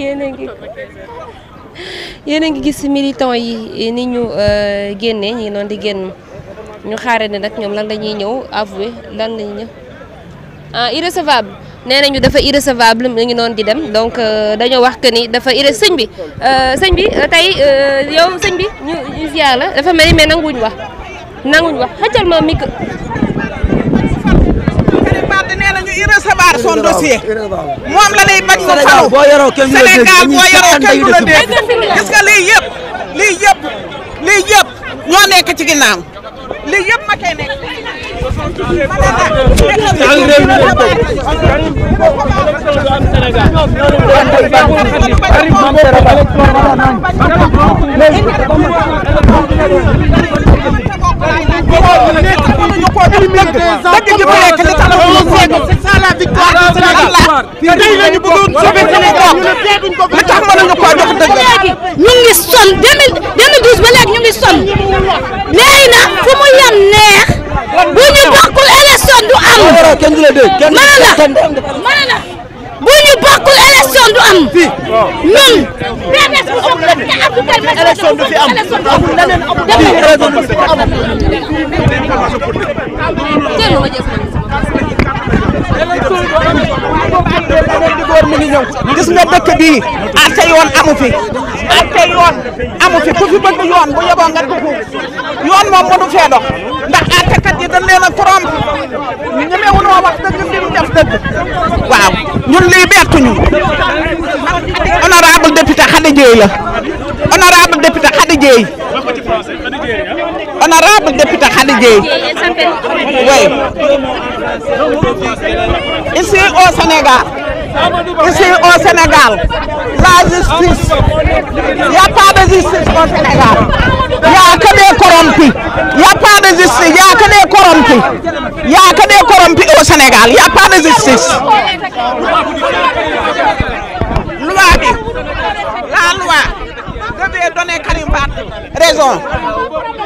yene ngi gis militant yi eh, ni ñu eh, génnee ñi non di génn ñu xaare ne nak ñom lan lañuy ñëw avoué lan lañuy ñëw ah irrecevable nee ñu dafa irrecevable mu ngi non di dem donc eh, dañu wax que ni dafa irre sëñ bi sëñ bi tey yow sëñ bi ñu ziar la dafa mel mais nanguñ wax nanguñ wax xëccal ma irrecevoir son dossier moom la lay bañ mu xaw Sénégal boo yoroo kenn du la dégg gis nga lii yëpp lii yëpp lii yëpp ñoo nekk ci ginnaaw lii yëpp ma koy nekk Sénégal la victoire du Sénégal tey la ñu bëggoon sauver Sénégal li tax mënuñu ko jox dëgg ñu ngi son 2012 ba léegi ñu ngi son léegi nag fu mu yem neex bu ñu bokkul élection du am mën na la bu ñu bokkul élection du am ñun PDS bu soog la nga am super message élection du fi am élection du fi am gis nga dëkk bii atte yoon amu fi atte yoon amu fi ku bëgg yoon bu yeboo nga yoon moom mënu fee dox ndax attekat yi dañ leen a trompe ñemewunoo wax dëgg li mu def waaw ñun lii bettuñu honorable député Khady Dieye la honorable député Khady Dieye honorable député Khady Dieye oui ici au Ici au Sénégal, la justice, il n'y a pas de justice au Sénégal. Il n'y a que des corrompus. Il n'y a pas de justice, il n'y a que des corrompus. Il n'y a que des corrompus au Sénégal. Il n'y a pas de justice. Loi la loi je devait donner Karim raison.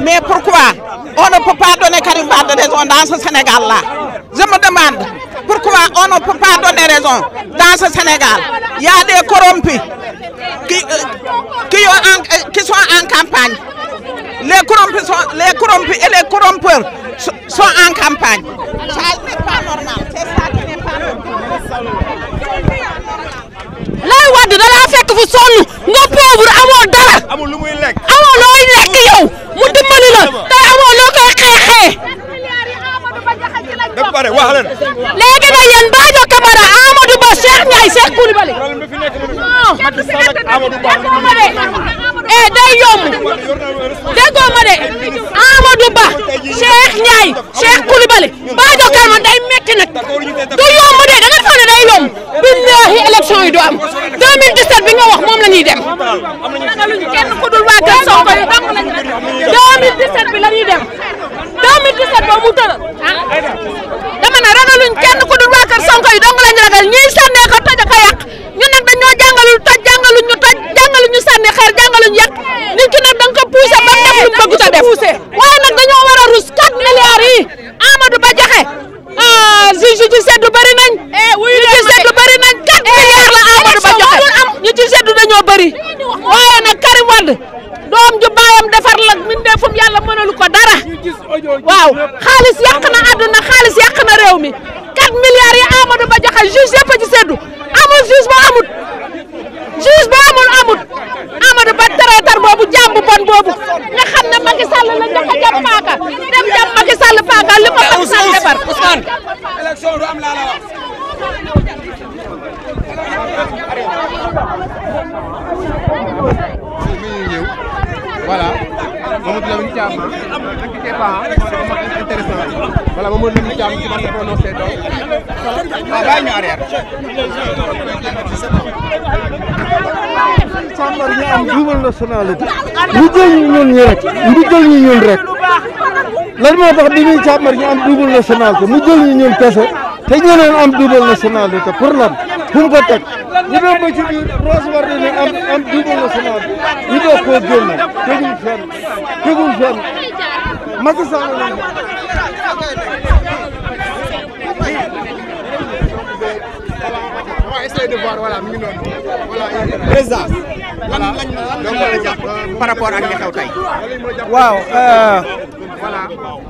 Mais pourquoi on ne peut pas donner Karim Wade raison dans ce Sénégal-là? Je me demande. Pourquoi on ne peut pas donner raison dans ce Sénégal Il y a des corrompus qui, euh, euh, qui, sont en campagne. Les corrompus, les corrompus et les corrompeurs sont, en campagne. Ça n'est pas normal. C'est ça qui n'est pas normal. Là Wad, da la fekk fu pare wax leen. léegi nag yéen Badio Camara Amadou Ba Cheikh Ndiaye Cheikh Koulibaly. Macky Sall ak Amadou Ba day yomb déggoo ma de Amadou Ba Cheikh Ndiaye Cheikh Koulibaly Badio Camara day metti nag du yomb de da nga foog ne day yomb. billahi élection yi du am 2017 bi nga wax moom la ñuy dem. kenn ku dul waa Kër Sonko yooyu dong lañ ragal ñiy sànnee ko toj amut juge bu amul amut Amadou Ba traiteur boobu jàmm bu bon boobu nga xam ne Macky Sall la dafa jam paaka dem jam Macky Sall paaka li ko Macky Sall defar Ousmane élection du Lamine Thiam n'inquiétez pas c'est intéressant voilà Mamadou Lamine Thiam qui va se prononcer donc ah bàyyi ñu arrière Sambal ñu am double nationalité lu jël ñu ñun ñu rek lu jël ñu ñun rek lan moo tax bi ñuy càmbar ñu am double nationalité mu jël ñu ñun kese te ñu leen am double nationalité pour lan bu mu ko teg ba ci biir Rose Wardini am am double nationalité ñu doog koo génne tegul fenn tegul fenn Macky Sall lañ président lan waaw voilà euh,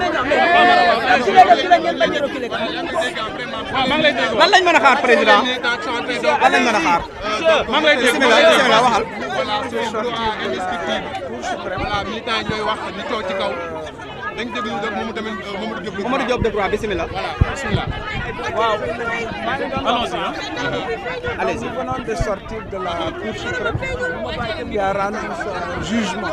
lan lañ mën a xaar président lan lañ mën a xaar. bisimilah bisimilah waxal. voilà militant Euh, hein. allez Nous venons de sortir de la Cour suprême qui a jugement.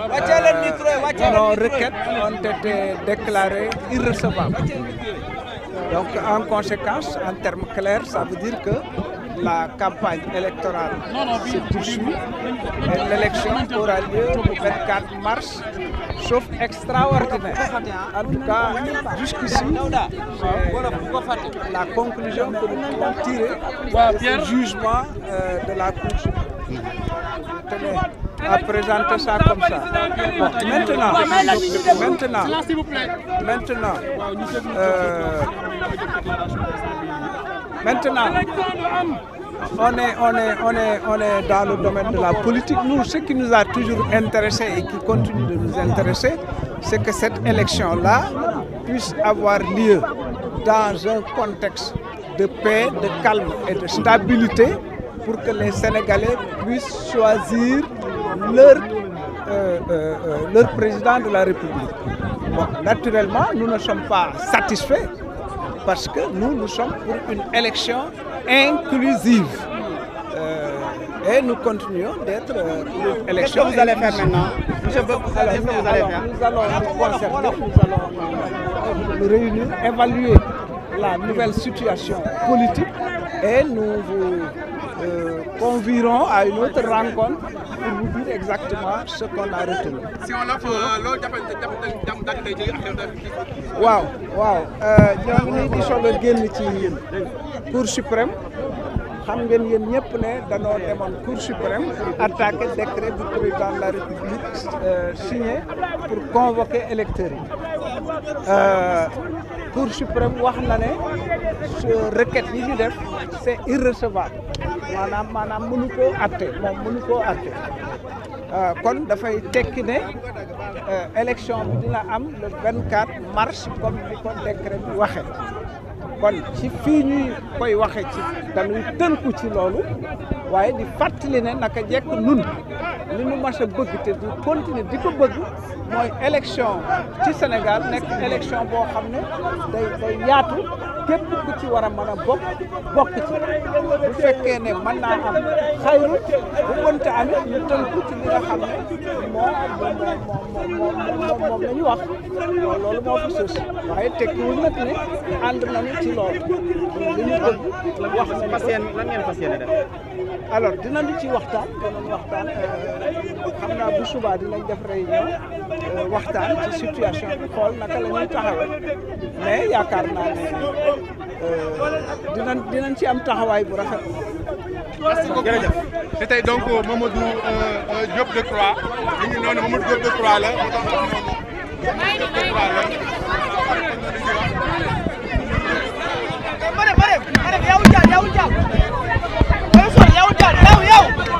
Euh, nos requêtes ont été déclarées irrecevables. Donc en conséquence, en termes clairs, ça veut dire que la campagne électorale s'est touchée. l'élection aura lieu le 24 mars sauf extraordinaire. En tout cas, jusqu'ici, euh, la conclusion que nous pouvons tirer du jugement euh, de la Cour tenez, à présenter ça comme ça. Maintenant, maintenant, maintenant, euh, maintenant, maintenant, on est, on, est, on, est, dans le domaine de la politique. Nous, ce qui nous a toujours intéressés et qui continue de nous intéresser, c'est que cette élection-là puisse avoir lieu dans un contexte de paix, de calme et de stabilité pour que les Sénégalais puissent choisir leur, euh, euh, euh, président de la République. naturellement, nous ne sommes pas satisfaits parce que nous, nous sommes pour une élection inclusive. Et nous continuons d'être euh, Qu'est-ce que vous allez faire maintenant je veux que vous allez faire Nous allons nous allons euh, réunir, évaluer la nouvelle situation politique et nous vous euh, convierons à une autre rencontre pour vous dire exactement ce qu'on a retenu. Si on l'offre, euh, loolu jàppante jàppante day jëli affaire bi. waaw Waouh, Waouh, ngi suprême. xam ngeen yéen ñëpp ne danoo demoon cour suprême attaqué décret du président de la république euh, signé pour convoquer électeurs yi euh, cour suprême wax na ne requête yi ñu def c'est irrecevable maanaam maanaam mënu koo atte moom mënu koo atte euh, kon dafay tekki Euh, élection bi dina am le 24 mars comme ni ko décret bi waxé kon ci fi ñuy koy waxé ci dañuy tënku ci lolu waaye di fàttali ne naka jekk nun li nu mas bëgg té di continuer di ko bëgg moy élection ci Sénégal nekk élection bo xamné day day yaatu képp ku ci war a mën a bokk bokk ci bu fekkee ne mën naa am xayru bu mënta am it ñu tënku ci li nga xam ne moom moom moom moom moom la ñu wax loolu moo fi suus waaye tekkiwul nag ne ànd nañu ci loolu. li ñu am wax fas yéene lan ngeen fas yéene def. alors dina lu ci waxtaan dinañu waxtaan euh, xam naa bu subaa dinañ def réunion euh, waxtaan ci situation bi xool naka la ñuy taxawee mais yaakaar naa ne euh, dinañ dinañ ci am taxawaay bu rafet. merci beaucoup jërëjëf c'était donc Mamadou Diop Decroix ñu ngi noonu Mamadou Diop Decroix la. yau yau yau yau yau